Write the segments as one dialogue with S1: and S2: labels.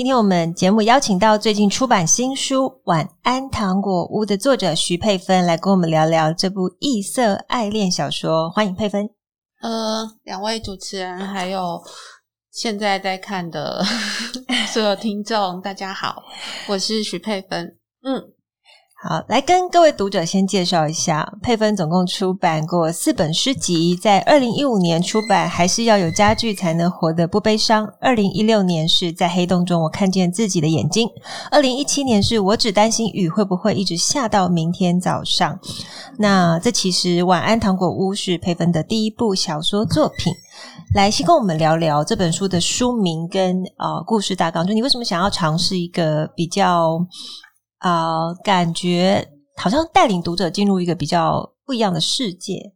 S1: 今天我們節目邀請到最近出版新書《晚安糖果屋》的作者徐珮芬來跟我們聊聊這部異色愛戀小說。歡迎珮芬。
S2: 呃，兩位主持人還有現在在看的所有聽眾，大家好，我是徐珮芬。嗯。
S1: 好，來跟各位讀者先介紹一下，珮芬總共出版過四本詩集，在二零一五年出版，還是要有家具才能活得不悲傷；二零一六年是在黑洞中我看見自己的眼睛；二零一七年是我只擔心雨會不會一直下到明天早上。那這其實《晚安糖果屋》是珮芬的第一部小說作品。來，先跟我們聊聊這本書的書名跟呃故事大綱，就你為什麼想要嘗試一個比較？啊、uh，感覺好像帶領讀者進入一個比較不一樣的世界。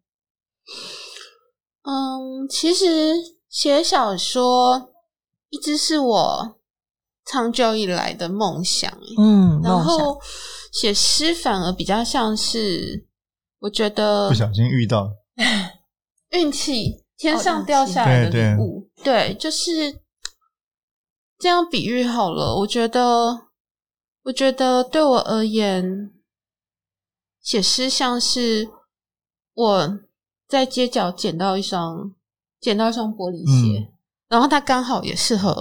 S2: 嗯，其實寫小說一直是我長久以來的夢想。嗯，然後寫詩反而比較像是，我覺得不小心遇到運氣，天上掉下來的禮物，嗯。對，就是這樣比喻好了。我覺得。我覺得對我而言，寫詩像是我在街角撿到一雙，撿到一雙玻璃鞋，嗯，然後它剛好也適合，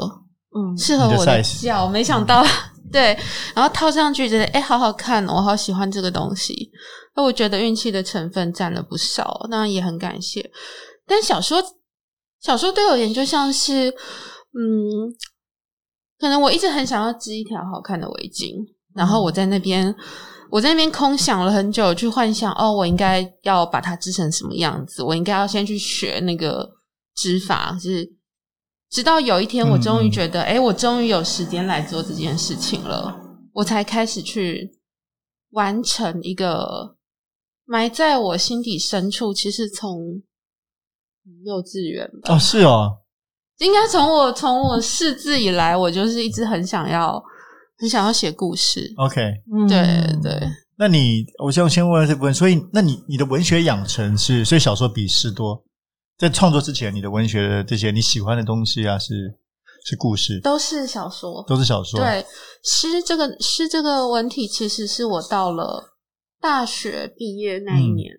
S2: 嗯，適合我的腳。沒想到，嗯、 對，然後套上去覺得，誒，好好看，我好喜歡這個東西。那我覺得運氣的成分佔了不少，那也很感謝。但小說，小說對我而言就像是，嗯。可能我一直很想要織一條好看的圍巾，然後我在那邊、嗯，我在那邊空想了很久，去幻想哦，我應該要把它織成什麼樣子？我應該要先去學那個織法，就是直到有一天，我終於覺得，哎、嗯嗯欸，我終於有時間來做這件事情了，我才開始去完成一個埋在我心底深處，其實從幼稚園吧，哦，是哦。應該從我從我識字以來，我就是一直很想要很想要寫故事。OK，對、
S3: 嗯、對。那你，我先先問這部分。所以，那你你的文學養成是寫小說比詩多？在創作之前，你的文學的這些你喜歡的東西啊是，是是故事，都
S2: 是小說，都是小說。對，詩這個詩這個文體，其實是我到了大學畢業那一年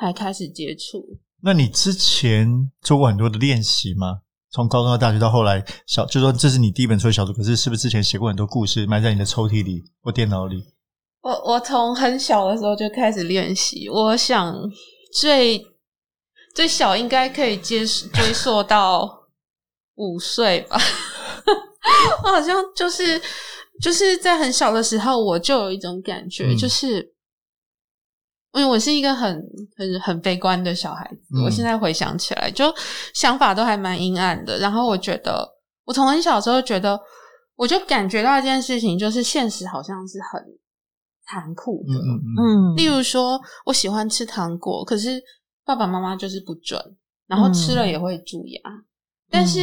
S2: 才開始接觸。嗯、
S3: 那你之前做過很多的練習嗎？從高中到大學，到後來小，就說，這是你第一本出的小說。可是是不是之前寫過很多故事，埋在你的抽屜裡或電腦裡？
S2: 我我從很小的時候就開始練習。我想最最小應該可以接追溯到五歲吧。 我好像就是就是在很小的時候，我就有一種感覺，嗯、就是。因為我是一個很很很悲觀的小孩子，嗯，我現在回想起來，就想法都還蠻陰暗的。然後我覺得，我從很小的時候覺得，我就感覺到一件事情，就是現實好像是很殘酷的嗯。嗯，例如說我喜歡吃糖果，可是爸爸媽媽就是不准，
S3: 然後吃了也
S2: 會蛀牙。嗯、但是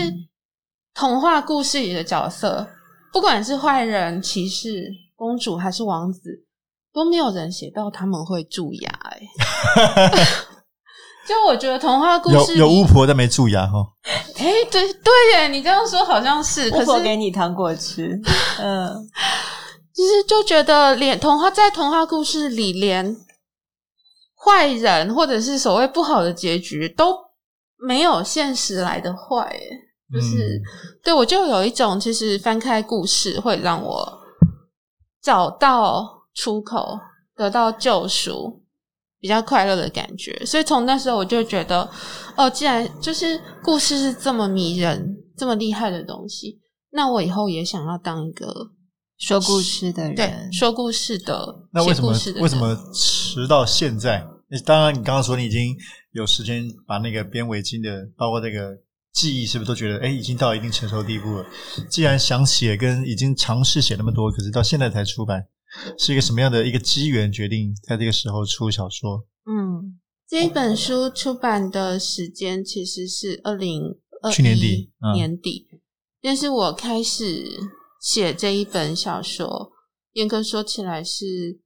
S2: 童話故事裡的角色，不管是壞人、騎士、公主還是王子。都沒有人寫到他們會蛀牙哎、欸， 就我覺得童話故事有，有巫婆
S3: 但沒蛀牙齁，
S2: 哎、欸、對對耶，你這樣說好像是巫婆給你糖果吃， 嗯，其實就覺得連童話在童話故事裡連壞人或者是所謂不好的結局都沒有現實來的壞，就是、嗯、對我就有一種其實翻開故事會讓我找到。出口得到救贖，比較快樂的感覺。所以從那時候我就覺得，哦，既然就是故事是這麼迷人、這麼厲害的東西，那我以後也想要當一個說故事的人，對，說故事的。
S3: 那為什麼？為什麼直到現在？當然，你剛剛說你已經有時間把那個編圍巾的，包括那個記憶，是不是都覺得，哎、欸，已經到一定成熟地步了？既然想寫，跟已經嘗試寫那麼多，可是到現在才出版。是一個什麼樣的一個機緣決定在這個時候出小說？
S2: 嗯，這一本書出版的時間其實是二零二去年底年底，嗯，但是我開始寫這一本小說，嚴格說起來是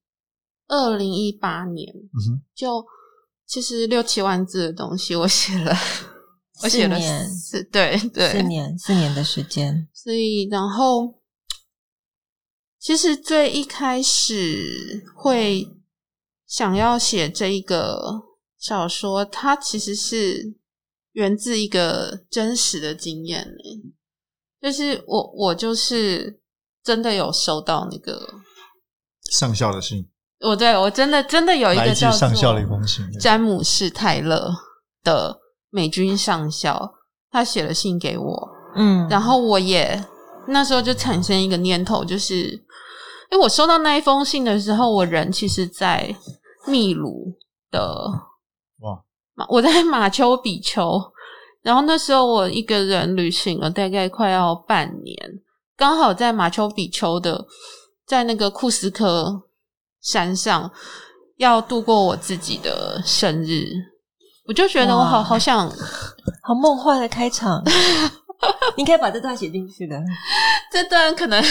S2: 二零一八年，嗯，就其實六七萬字的東西，我寫了，我寫了四，四年，對對四年四年的時間，所以然後。其實最一開始會想要寫這一個小說，它其實是源自一個真實的經驗，就是我我就是真的有收到那個
S3: 上校的信。
S2: 我對我真的真的有一個來自上校的一封信，詹姆士泰勒的美軍上校，他寫了信給我，嗯，然後我也那時候就產生一個念頭，就是。哎，我收到那一封信的時候，我人其實，在秘魯的。
S3: 哇，
S2: 我在馬丘比丘，然後那時候我一個人旅行了大概快要半年，剛好在馬丘比丘的，在那個庫斯科山上，要度過我自己的生日，我就覺得我好好像好夢幻的開場。 你可以把這段寫進去的， 這段可能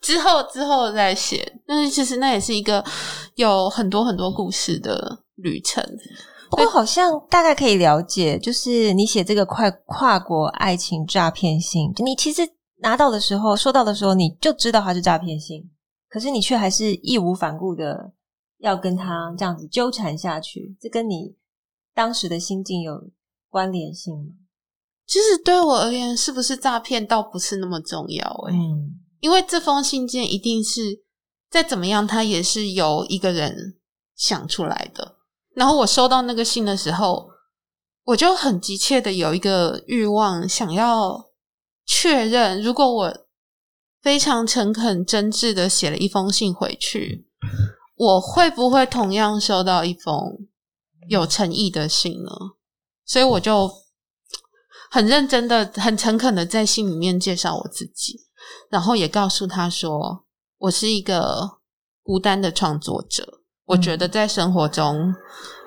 S2: 之後之後再寫。但，就是其實那也是一個有很多很多故事的旅程。不過好像大概可以了
S1: 解，就是你寫這個快跨國愛情詐騙信，你其實拿到的時候、收到的時候，你就知道它是詐騙信，可是你卻還是義無反顧的要跟他這樣子糾纏下去。這跟你當時的心境有
S2: 關聯性嗎？其實對我而言，是不是詐騙倒不是那麼重要耶、嗯、因為這封信件一定是再怎麼樣，它也是由一個人想出來的。然後我收到那個信的時候，我就很急切的有一個慾望，想要確認：如果我非常誠懇、真摯的寫了一封信回去，我會不會同樣收到一封有誠意的信呢？所以我就，很認真的、很誠懇的在信裡面介紹我自己，然後也告訴他說，我是一個孤單的創作者，嗯。我覺得在生活中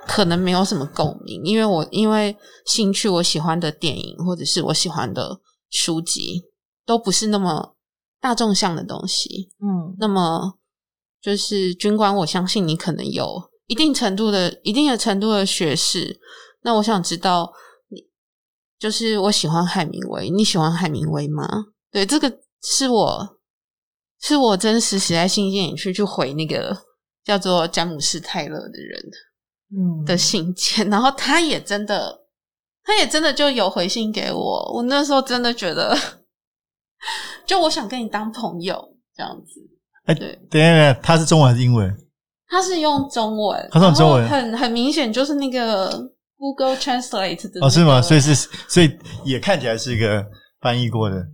S2: 可能沒有什麼共鳴，因為我因為興趣，我喜歡的電影或者是我喜歡的書籍都不是那麼大眾向的東西。嗯，那麼就是軍官，我相信你可能有一定程度的、一定的程度的學識。那我想知道。就是我喜歡海明威，你喜歡海明威嗎？對，這個是我是我真實實在信件去，去去回那個叫做詹姆士泰勒的人的信件，嗯，然後他也真的，他也真的就有回信給我。我那時候真的覺得，就我想跟你當朋友這樣子。
S3: 哎，對，對、欸、等一下，他是中文還是英文？
S2: 他是用中文，他是用中文，很很明顯，就是那個。Google Translate 的、啊、哦，是嗎？
S3: 所以是，所以也看起來是一個翻譯過的。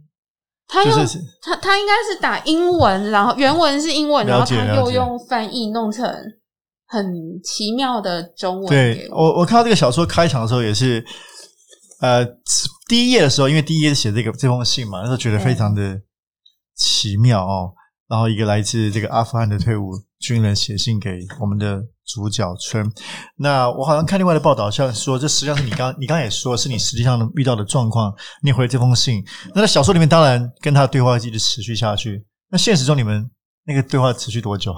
S2: 他用他他、就是、應該是打英文，然後原文是英文，嗯、然後他又用翻譯弄成很奇妙的中文。對，
S3: 我我，我看到這個小說開場的時候也是，呃，第一頁的時候，因為第一頁寫這個這封信嘛，那時候覺得非常的奇妙哦、嗯。然後一個來自這個阿富汗的退伍軍人寫信給我們的主角春，那我好像看另外的報道，像說這實際上是你剛你剛也說是你實際上遇到的狀況。你回了這封信，那在小說裡面當然跟他的對話一直持續下去。那現實中你們那個對話持續多久？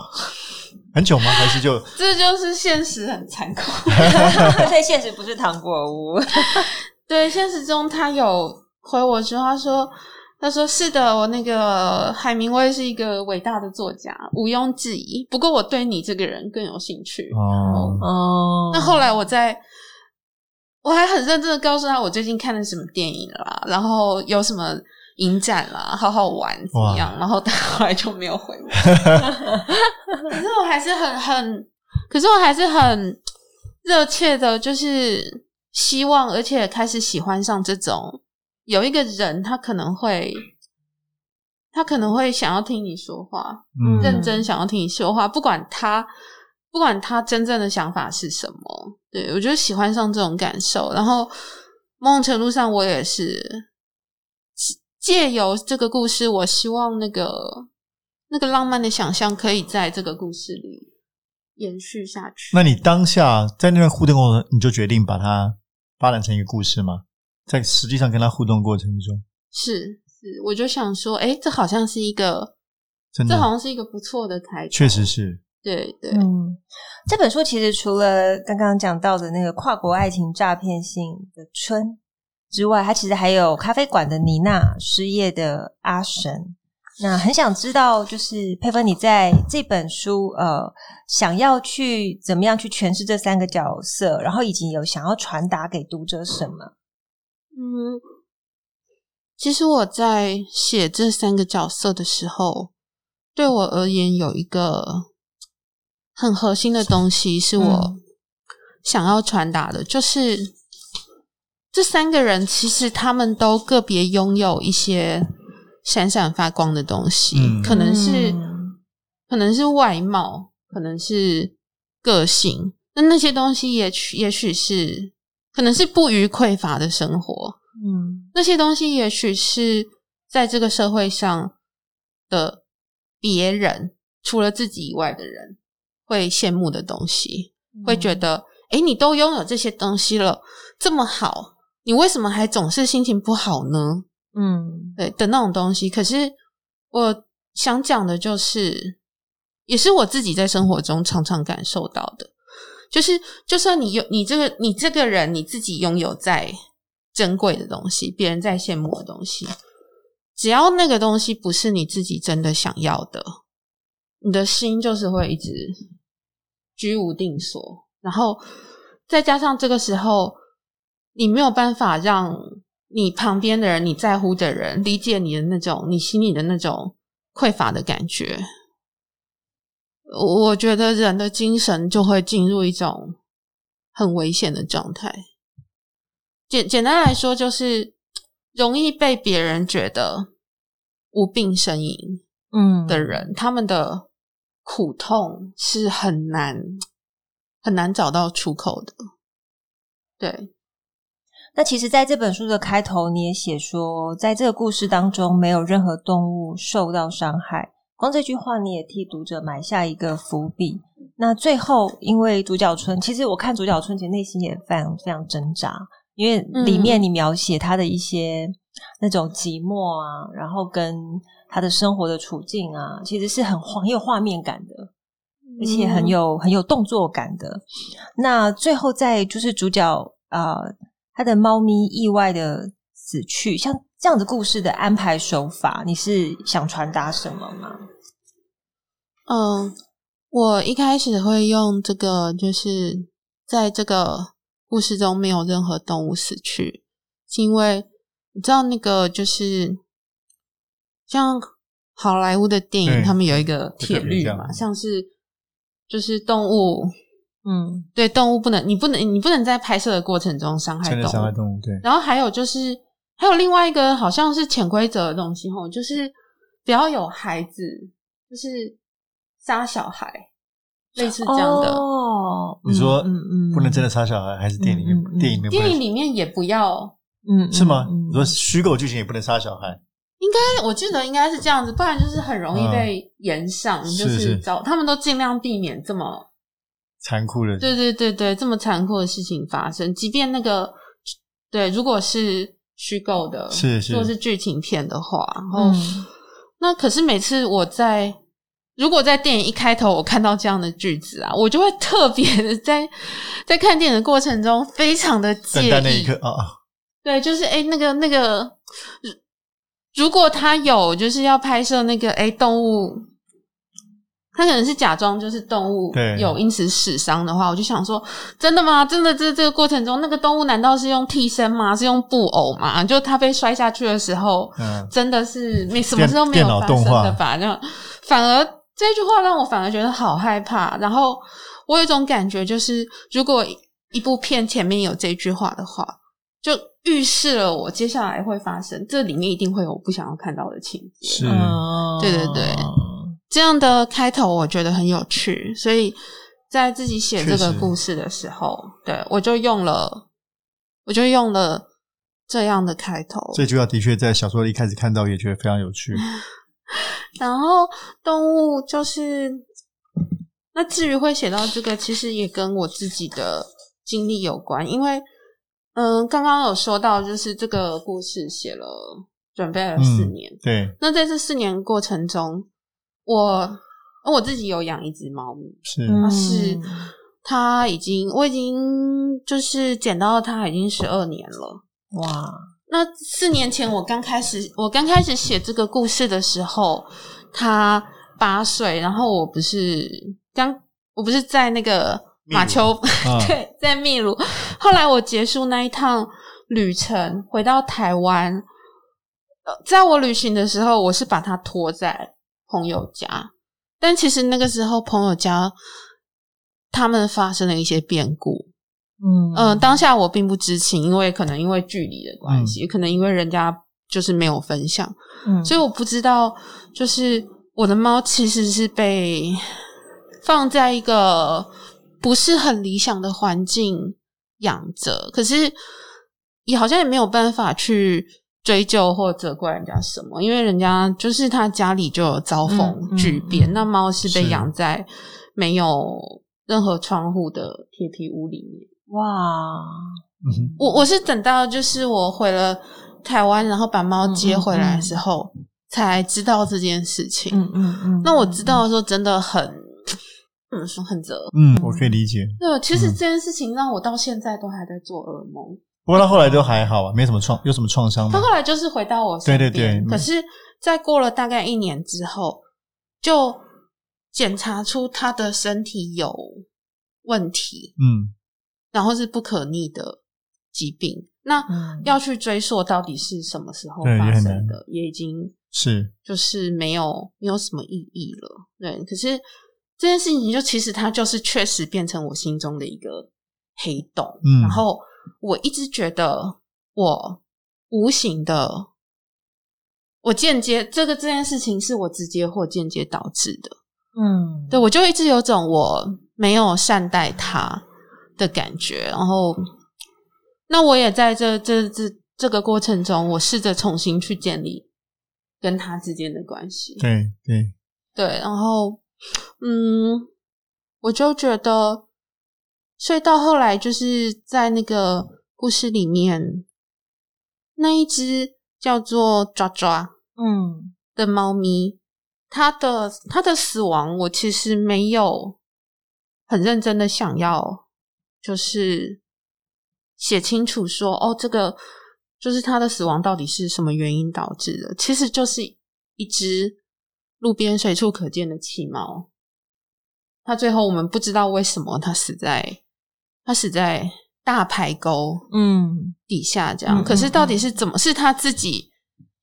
S3: 很久嗎？還是就
S2: 這就是現實很殘酷。所以現實不是糖果屋。對，現實中他有回我之後，他說。他說：“是的，我那個海明威是一個偉大的作家，毋庸置疑。不過我對你這個人更有興趣。哦，然後哦那後來我在，我還很認真的告訴他我最近看了什麼電影啦，然後有什麼影展啦，好好玩怎樣？然後他後來就沒有回我。 可是我還是很很，可是我還是很熱切的，就是希望，而且開始喜歡上這種。”有一個人，他可能會，他可能會想要聽你說話，嗯，認真想要聽你說話，不管他，不管他真正的想法是什麼。對，我就喜歡上這種感受。然後，某種程度上，我也是借由這個故事，我希望那個那個浪漫的想象可以在這個故事裡延續下去。
S3: 那你當下在那邊互動過程，你就決定把它發展成一個故事嗎？在實際上跟他互動過程中，
S2: 是是，我就想說，哎、欸，這好像是一個真的，這好像是一個不錯的台。確實是。對對，
S1: 嗯，這本書其實除了剛剛講到的那個跨國愛情詐騙性的春之外，它其實還有咖啡館的妮娜、失業的阿神，那很想知道就是珮芬，你在這本書呃，想要去怎麼樣去詮釋這三個角色，然後以及有想要傳達給讀者
S2: 什麼？嗯，其實我在寫這三個角色的時候，對我而言有一個很核心的東西是我想要傳達的，嗯、就是這三個人其實他們都個別擁有一些閃閃發光的東西，嗯、可能是可能是外貌，可能是個性，那那些東西也許也許是。可能是不虞匱乏的生活，嗯，那些東西也許是在這個社會上的別人，除了自己以外的人會羨慕的東西，嗯、會覺得，哎、欸，你都擁有這些東西了，這麼好，你為什麼還總是心情不好呢？嗯，對的那種東西。可是我想講的就是，也是我自己在生活中常常感受到的。就是，就算你有你這個你這個人你自己擁有再珍貴的東西，別人在羨慕的東西，只要那個東西不是你自己真的想要的，你的心就是會一直居無定所。然後再加上這個時候，你沒有辦法讓你旁邊的人、你在乎的人理解你的那種、你心裡的那種匱乏的感覺。我覺得人的精神就會進入一種很危險的狀態。簡簡單來說，就是容易被別人覺得無病呻吟，
S3: 嗯，的
S2: 人他們的苦痛是很難很難找到出口的。對。
S1: 那其實，在這本書的開頭，你也寫說，在這個故事當中，沒有任何動物受到傷害。光這句話，你也替讀者埋下一個伏筆。那最後，因為主角春，其實我看主角春其實內心也非常非常掙扎，因為裡面你描寫他的一些那種寂寞啊，然後跟他的生活的處境啊，其實是很有畫面感的，而且很有很有動作感的。那最後，在就是主角呃，他的貓咪意外的死去，像。這樣子故事的安排手法，你是想傳達什麼
S2: 嗎？嗯，我一開始會用這個，就是在這個故事中沒有任何動物死去，是因為你知道那個就是像好萊塢的電影，他們有一個鐵律的嘛像，像是就是動物，嗯，對，動物不能，你不能，你不能在拍攝的過程中傷害動物，傷害動物，對。然後還有就是。還有另外一個好像是潛規則的東西哦，就是不要有孩子，就是殺小孩，類似這樣的哦、
S3: 嗯。你說，嗯嗯，不能真的殺小孩、嗯，還是電影裡面，嗯、電影裡面不。電影裡
S2: 面也不要，
S3: 嗯，是嗎？嗯、你說虛構劇情也不能殺小孩？
S2: 應該，我記得應該是這樣子，不然就是很容易被炎上、哦，就是找他們都盡量避免這麼
S3: 殘酷的事，
S2: 對對對對，這麼殘酷的事情發生，即便那個對，如果是。虛構的，是是，如果是劇情片的話，然、嗯、那可是每次我在，如果在電影一開頭我看到這樣的句子啊，我就會特別的在在看電影的過程中非常的介意，等待那一刻啊。哦，對，就是誒、欸、那個那個，如果他有就是要拍攝那個誒、欸、動物。他可能是假裝就是動物有因此死傷的話，我就想說，真的嗎？真的這這個過程中，那個動物難道是用替身嗎？是用布偶嗎？就他被摔下去的時候，嗯，真的是沒什麼事都沒有發生的吧？就反而這句話讓我反而覺得好害怕。然後我有一種感覺，就是如果一部片前面有這句話的話，就預示了我接下來會發生，這裡面一定會有我不想要看到的情節。是，
S3: 嗯，
S2: 對對對。啊這樣的開頭我覺得很有趣，所以在自己寫這個故事的時候，對，我就用了，我就用了這樣的開頭。這句
S3: 話的確在小說一開始看到也覺得非常有趣。
S2: 然後動物就是，那至於會寫到這個，其實也跟我自己的經歷有關，因為嗯，剛剛有說到，就是這個故事寫了，準備了四年，嗯，對，那在這四年過程中。我我自己有養一隻貓咪，
S3: 是它、嗯、是
S2: 它已經我已經就是撿到它已經十二年了哇！那四年前我剛開始我剛開始寫這個故事的時候，他八歲，然後我不是剛我不是在那個馬丘 對在秘魯、啊，後來我結束那一趟旅程回到台灣，在我旅行的時候，我是把它拖在。朋友家，但其實那個時候朋友家他們發生了一些變故，嗯、呃、嗯，當下我並不知情，因為可能因為距離的關係，嗯，可能因為人家就是沒有分享，嗯，所以我不知道，就是我的貓其實是被放在一個不是很理想的環境養着，可是也好像也沒有辦法去。追究或責怪人家什麼？因為人家就是他家裡就有遭逢巨變，嗯嗯嗯、那貓是被養在沒有任何窗戶的鐵皮屋裡面。哇！嗯、我我是等到就是我回了台灣，然後把貓接回來的時候、嗯嗯嗯、才知道這件事情。嗯嗯，嗯，那我知道的時候真的很，嗯，嗯很責。
S3: 嗯，我可以理解、嗯。對，其實這件
S2: 事情讓我到現在都還在做噩夢。
S3: 不過他後來都還好啊，沒什麼創，有什麼創傷。他
S2: 後來就是回到我身邊，對對對，可是在過了大概一年之後，就檢查出他的身體有問題，嗯，然後是不可逆的疾病。那、嗯、要去追溯到底是什麼時候發生的，也，也已經是就是沒有是沒有什麼意義了。對，可是這件事情就其實他就是確實變成我心中的一個黑洞，嗯、然後。我一直覺得我無形的，我間接這個這件事情是我直接或間接導致的，嗯，對，我就一直有種我沒有善待他的感覺，然後，那我也在這這這這這個過程中，我試着重新去建立跟他之間的關係，對對對，然後，嗯，我就覺得。所以到後來，就是在那個故事裡面，那一隻叫做抓抓，嗯，的貓咪，它的它的死亡，我其實沒有很認真的想要，就是寫清楚說，哦，這個就是它的死亡到底是什麼原因導致的，其實就是一隻路邊隨處可見的棄貓，它最後我們不知道為什麼它死在。他死在大排溝，
S3: 嗯，
S2: 底下這樣，嗯。可是到底是怎麼，是他自己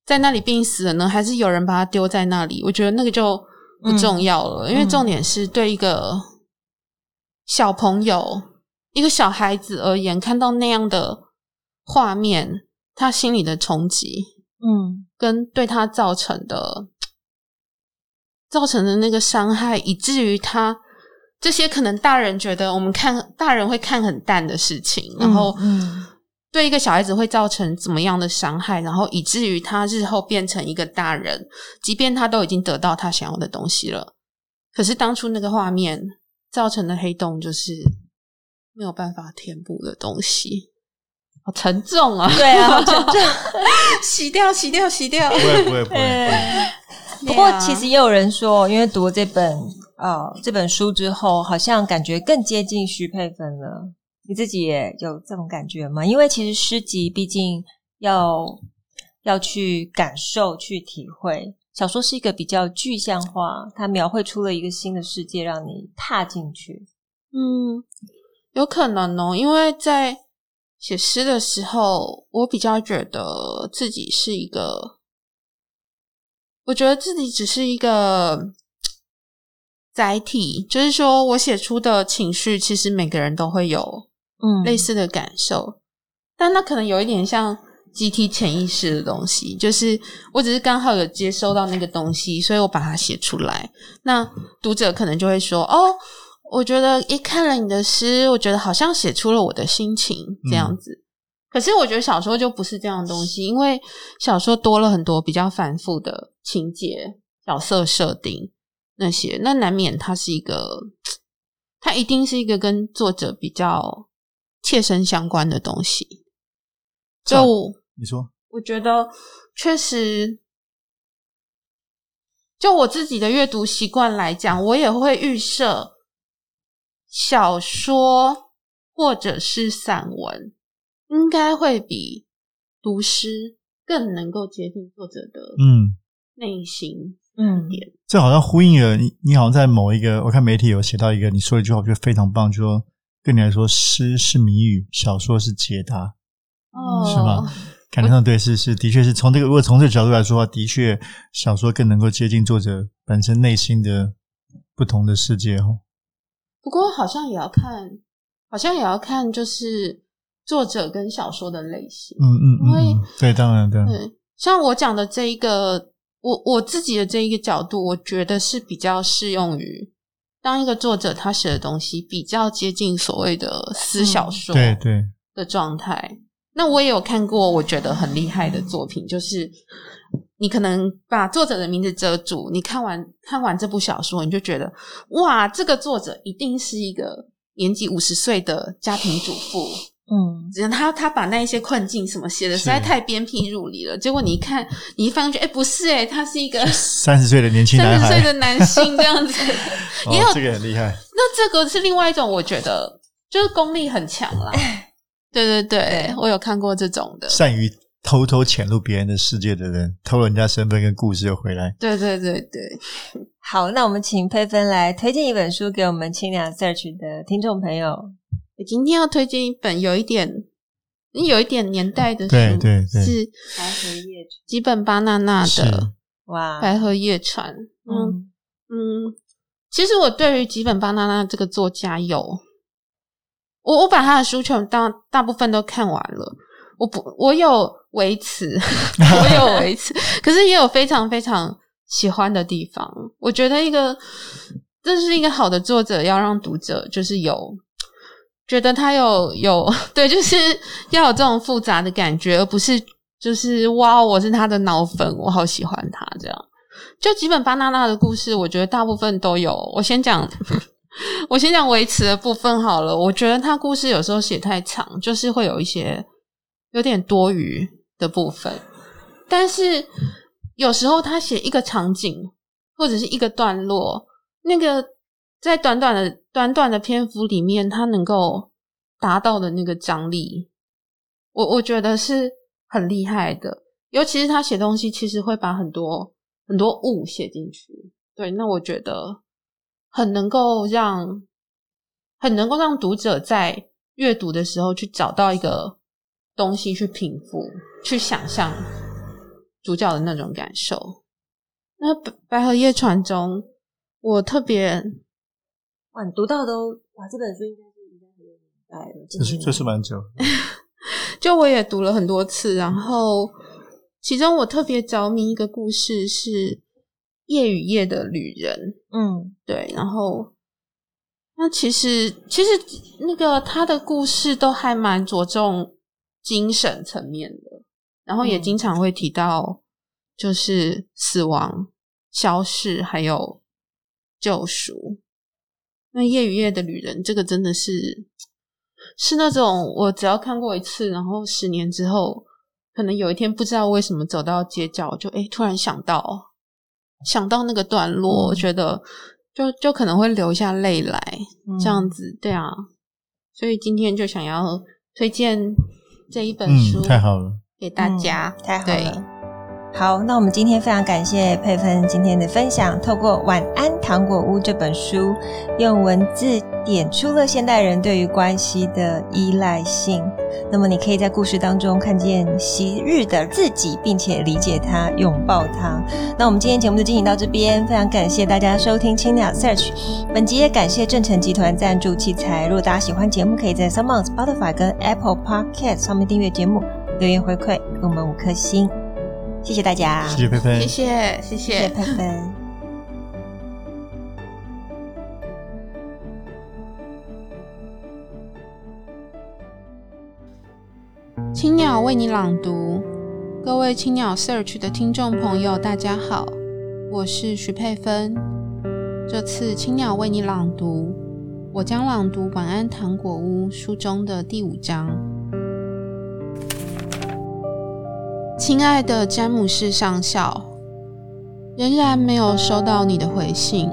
S2: 在那裡病死了呢？還是有人把他丟在那裡？我覺得那個就不重要了，嗯，因為重點是對一個小朋友，嗯，一個小孩子而言，看到那樣的畫面，他心裡的衝擊，
S3: 嗯，
S2: 跟對他造成的，造成的那個傷害，以至於他。這些可能大人覺得我們看大人會看很淡的事情，然後對一個小孩子會造成怎麼樣的傷害，然後以至於他日後變成一個大人，即便他都已經得到他想要的東西了，可是當初那個畫面造成的黑洞就是沒有辦法填補的東西，好沉重啊！對啊，好沉重， 洗掉，洗掉，洗掉，不會，不會，不會，不會，Yeah. 不過其實
S1: 也有人說，因為讀了這本。哦，這本書之後好像感覺更接近徐珮芬了。你自己也有這種感覺嗎？因為其實詩集畢竟要要去感受、去體會，小說是一個比較具象化，它描繪出了一個新的世界，讓你踏進去。嗯，
S2: 有可能哦，因為在寫詩的時候，我比較覺得自己是一個，我覺得自己只是一個。載體，就是說我寫出的情緒，其實每個人都會有嗯類似的感受、嗯，但那可能有一點像集體潛意識的東西，就是我只是剛好有接收到那個東西，所以我把它寫出來。那讀者可能就會說：“哦，我覺得一看了你的詩，我覺得好像寫出了我的心情這樣子。嗯”可是我覺得小說就不是這樣的東西，因為小說多了很多比較繁複的情節、角色設定。那些，那難免它是一個，它一定是一個跟作者比較切身相關的東西。就、啊、你說，我覺得確實，就我自己的閱讀習慣來講，我也會預設小說或者是散文，應該會比讀詩更能夠接近作者的嗯內心。
S3: 嗯嗯，這好像呼應了你。你好像在某一個，我看媒體有寫到一個，你說的一句話，我覺得非常棒，就說對你來說，詩是謎語，小說是解答，哦，是嗎？感覺上對，是是，的確是從這個，如果從這個角度來說的話，的確小說更能夠接近作者本身內心的不同的世界哦。
S2: 不過好像也要看，好像也要看，就是作者跟小說的類型，嗯
S3: 嗯，因為、嗯嗯、對，當然對、嗯，
S2: 像我講的這一個。我我自己的這一個角度，我覺得是比較適用於當一個作者他寫的東西比較接近所謂的私小說的狀態。對，對。那我也有看過，我覺得很厲害的作品，就是你可能把作者的名字遮住，你看完看完這部小說，你就覺得哇，這個作者一定是一個年紀五十歲的家庭主婦。嗯，他他把那一些困境什麼寫的實在太鞭辟入裡了，結果你一看，嗯，你一發覺，哎，欸，不是，欸，哎，他是一個
S3: 三十歲的年輕三十歲的
S2: 男性這樣子，也 有、哦，這個很厲害。那這個是另外一種，我覺得就是功力很強啦，嗯。對對對，我有看過這種
S3: 的，善於偷偷潛入別人的世界的人，偷了人家身份跟故事又回來。
S1: 對，對對對對，好，那我們請佩芬來推薦一本書給我們清涼社區
S2: 的聽眾朋友。我今天要推薦一本有一點，有一點年代的書，對對對，是基納納的夜是《白河夜船》吉本芭娜娜的。哇，《白河夜船》！嗯嗯，其實我對於吉本芭娜娜這個作家有，我我把他的書全大大部分都看完了。我不，我有微詞， 我有微詞， 可是也有非常非常喜歡的地方。我覺得一個，這是一個好的作者要讓讀者就是有。覺得他有有對，就是要有這種複雜的感覺，而不是就是哇，我是他的腦粉，我好喜歡他這樣。就吉本芭娜娜的故事，我覺得大部分都有。我先講，我先講維持的部分好了。我覺得他故事有時候寫太長，就是會有一些有點多餘的部分，但是有時候他寫一個場景或者是一個段落，那個。在短短的短短的篇幅裡面，他能夠達到的那個張力，我我覺得是很厲害的。尤其是他寫東西，其實會把很多很多物寫進去。對，那我覺得很能夠讓很能夠讓讀者在閱讀的時候去找到一個東西去平復、去想象主角的那種感受。那《白河夜船》中，我特別。
S1: 哇，你讀到都哇，這、
S2: 啊、本書應該是應該很有年代了，就是就
S3: 是蠻久。
S2: 就我也讀了很多次，然後其中我特別着迷一個故事是《夜與夜的旅人》。嗯，對。然後那其實其實那個他的故事都還蠻着重精神層面的，然後也經常會提到就是死亡、消逝、還有救贖。那《夜與夜的旅人》這個真的是是那種我只要看過一次，然後十年之後，可能有一天不知道為什麼走到街角，就哎、欸、突然想到想到那個段落，嗯、我覺得就就可能會流下淚來、嗯、這樣子。對啊，所以今天就想要推薦這一本書、嗯，太好了，給大家，太好了。好，那我們今天非常感謝佩芬
S1: 今天的分享。透過《晚安糖果屋》這本書，用文字點出了現代人對於關係的依賴性。那麼，你可以在故事當中看見昔日的自己，並且理解他，擁抱他。那我們今天節目就進行到這邊，非常感謝大家收聽青鳥 Search。本集也感謝正成集團贊助器材。如果大家喜歡節目，可以在 SoundCloud、Spotify 跟 Apple Podcast 上面訂閱節目，留言回饋給我們五顆星。謝謝大家，謝謝珮芬，謝謝謝謝，謝謝珮
S2: 芬。青 鳥為你朗讀，各位青鳥 Search 的聽眾朋友，大家好，我是徐珮芬。這次青鳥為你朗讀，我將朗讀《晚安糖果屋》書中的第五章。親愛的詹姆士上校，仍然沒有收到你的回信。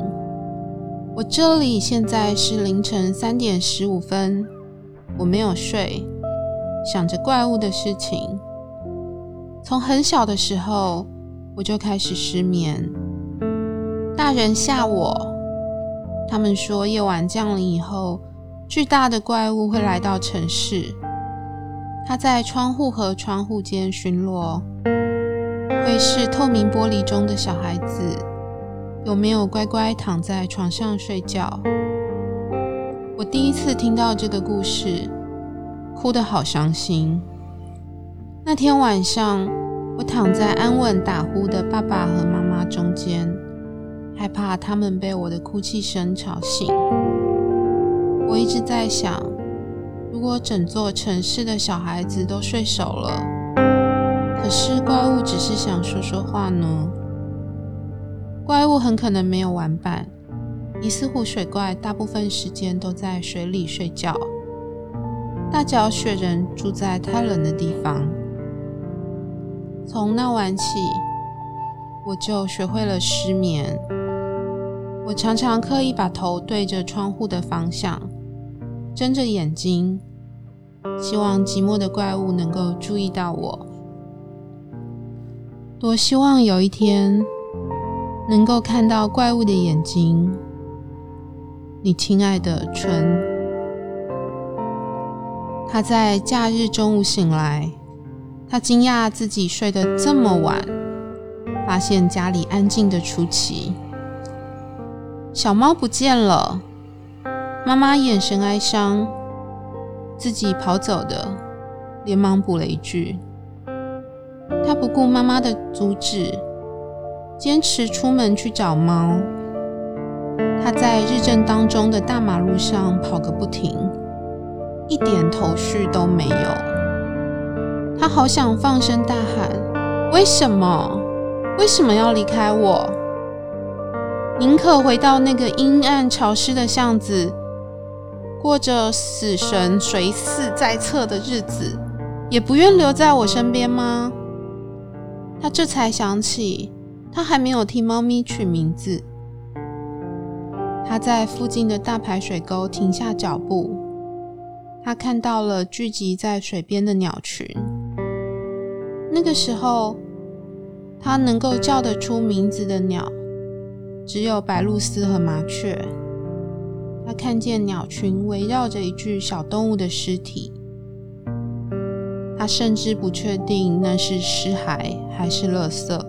S2: 我這裡現在是凌晨三點十五分，我沒有睡，想着怪物的事情。從很小的時候，我就開始失眠，大人嚇我，他們說夜晚降臨以後，巨大的怪物會來到城市。他在窗戶和窗戶間巡邏，會是透明玻璃中的小孩子有沒有乖乖躺在床上睡覺？我第一次聽到這個故事，哭得好傷心。那天晚上，我躺在安穩打呼的爸爸和媽媽中間，害怕他們被我的哭泣聲吵醒。我一直在想。如果整座城市的小孩子都睡熟了，可是怪物只是想說說話呢？怪物很可能沒有玩伴。尼斯湖水怪大部分時間都在水裡睡覺。大腳雪人住在太冷的地方。從那晚起，我就學會了失眠。我常常刻意把頭對着窗戶的方向。睜着眼睛，希望寂寞的怪物能夠注意到我。多希望有一天能夠看到怪物的眼睛，你親愛的春。她在假日中午醒來，她驚訝自己睡得這麼晚，發現家裡安靜的出奇，小貓不見了。媽媽眼神哀傷，自己跑走的，連忙補了一句。他不顧媽媽的阻止，堅持出門去找貓。他在日正當中的大馬路上跑個不停，一點頭緒都沒有。他好想放聲大喊：“為什麼？為什麼要離開我？”寧可回到那個陰暗潮濕的巷子。過着死神隨侍在側的日子，也不願留在我身邊嗎？他這才想起，他還沒有替貓咪取名字。他在附近的大排水溝停下腳步，他看到了聚集在水邊的鳥群。那個時候，他能夠叫得出名字的鳥，只有白鷺鷥和麻雀。他看見鳥群圍繞着一具小動物的屍體，他甚至不確定那是屍骸還是垃圾。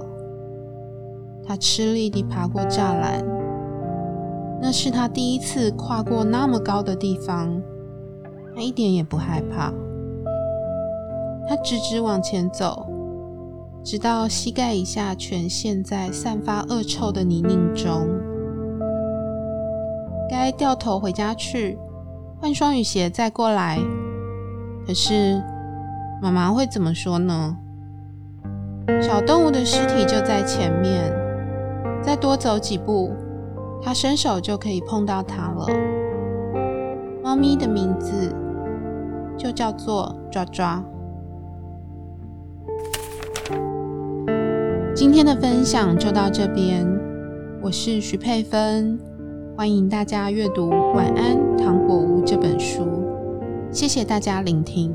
S2: 他吃力地爬過柵欄，那是他第一次跨過那麼高的地方，他一點也不害怕。他直直往前走，直到膝蓋以下全陷在散發惡臭的泥濘中。該掉頭回家去，換雙雨鞋再過來。可是媽媽會怎麼說呢？小動物的屍體就在前面，再多走幾步，它伸手就可以碰到它了。貓咪的名字就叫做抓抓。今天的分享就到這邊，我是徐珮芬。歡迎大家閱讀《晚安，糖果屋》這本書，謝謝大家聆聽。